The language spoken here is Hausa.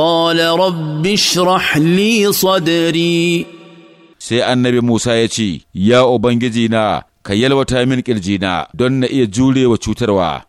قال رب اشرح لي صدري sai annabi Musa ya ce, Ya Ubangiji na, ka yalwata min ƙirjina don na iya jurewa cutarwa.